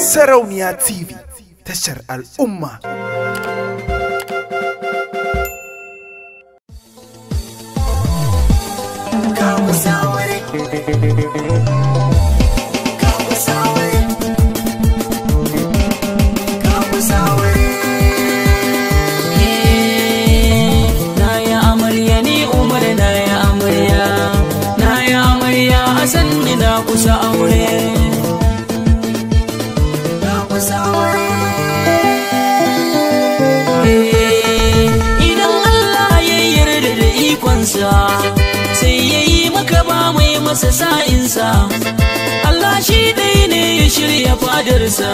Sarauniya TV tashar al'umma. amarya Kawo na kusa aure Eh, idan Allah ya yarda da ikonsa sai ya yi maka ba mai masa sa'insa. Allah shi dai ne ya shirya fadarsa,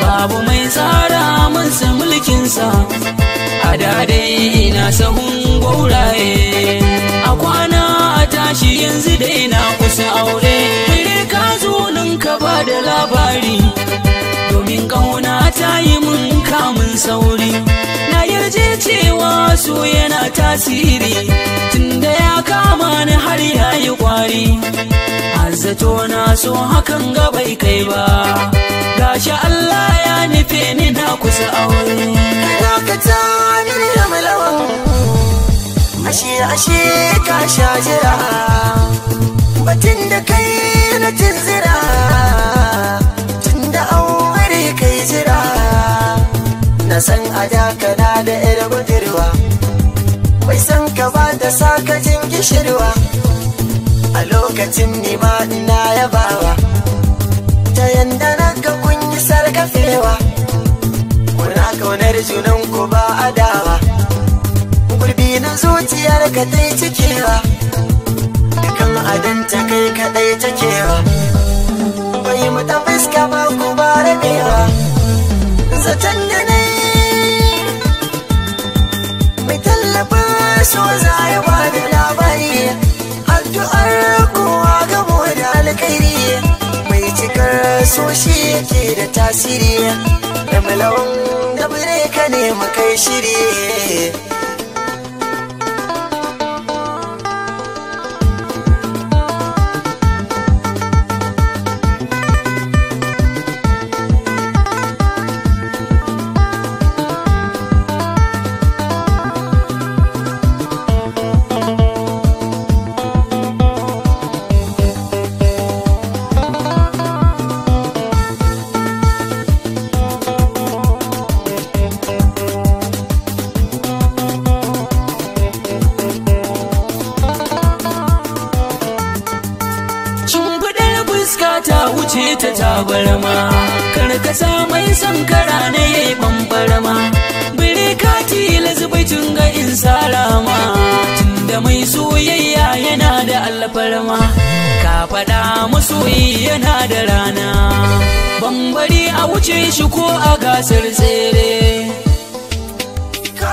babu mai tsara mansa mulkinsa. A dadai ina sahun gauraye, a kwana a tashi yanzu dai na kusa aure. Mere ka zo nan ka ba da labari. sauri na yarje cewa su yana tasiri tunda ya kama ni har ya yi kwari azzato na so hakan ga bai kai ba gashi Allah ya nufe ni na kusa aure dakata da malawa ashe ashe ka sha jira batun da kai na tizira. na san a dakana da yar budurwa Bai san ka ba da sakacin gishirwa a lokacin nima ina yabawa ta yanda na ga kunyi sarkafewa kuna kaunar junan ku ba adawa gurbi na zuciyar ka ta yi cikewa dukan adanta kai kaɗai cikewa bai mu ta fuska ba ku ba rabewa zaton da so yake da tasiri da malawan da ne mu kai shiri ce ta tabarma karkasa mai sankara ne ya yi bambarma bire kati la zubaicin ga in salama tunda mai soyayya yana da alfarma ka faɗa soyayya yana da rana bambari a wuce shi ko a gasar tsere ka